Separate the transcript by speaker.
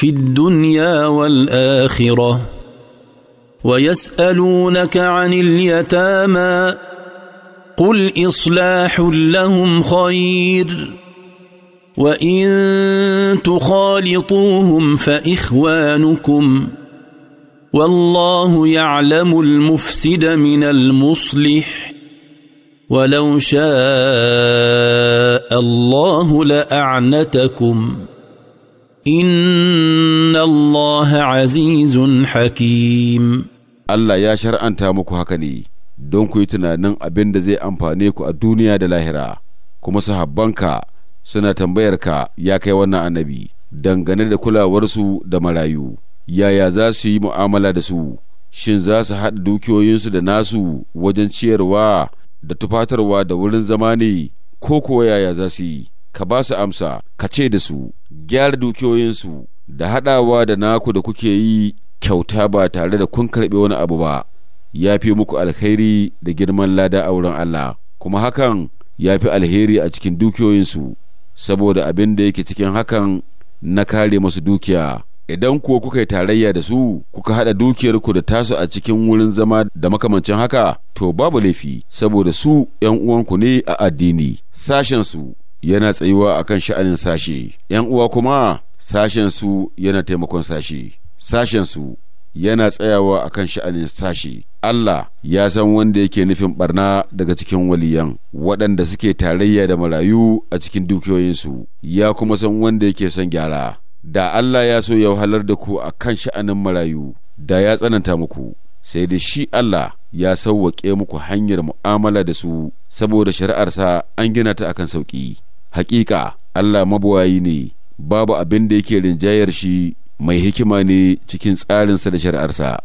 Speaker 1: في الدنيا والاخره ويسالونك عن اليتامى قل اصلاح لهم خير وان تخالطوهم فاخوانكم والله يعلم المفسد من المصلح ولو شاء الله لاعنتكم إن
Speaker 2: الله عزيز حكيم Allah ya shar'anta muku haka ne don ku yi tunanin abin da zai amfane ku a duniya da lahira, kuma sahabbanka suna tambayarka ya kai wannan annabi dangane da kulawarsu da marayu, yaya za su yi mu'amala da su, shin za su haɗa dukiyoyinsu da nasu wajen ciyarwa da tufatarwa da wurin zama ne ko kuwa yaya za su yi. ka ba su amsa ka ce da su gyara dukiyoyinsu da haɗawa da naku da kuke yi kyauta ba tare da kun karɓi wani abu ba ya fi muku alheri da girman lada a wurin Allah kuma hakan ya fi alheri a cikin dukiyoyinsu saboda abin da yake cikin hakan na kare masu dukiya idan kuwa kuka yi tarayya da su kuka haɗa dukiyarku da tasu a cikin wurin zama da makamancin haka to babu laifi saboda su ‘yan uwanku ne a addini sashensu yana tsayuwa akan sha'anin sashe ‘yan uwa kuma sashensu yana taimakon sashe Sashensu yana tsayawa akan sha'anin sashe Allah ya san wanda yake nufin barna daga cikin waliyan waɗanda suke tarayya da marayu a cikin dukiyoyinsu ya kuma san wanda yake son gyara da Allah ya so ya wahalar da ku a kan sha'anin marayu da ya tsananta muku sai da shi Allah ya sauwaƙe muku hanyar mu'amala da su saboda shari'arsa an gina ta akan sauƙi Hakika Allah mabuwayi ne, babu abin da yake rinjayar shi mai hikima ne cikin tsarinsa da shari'arsa.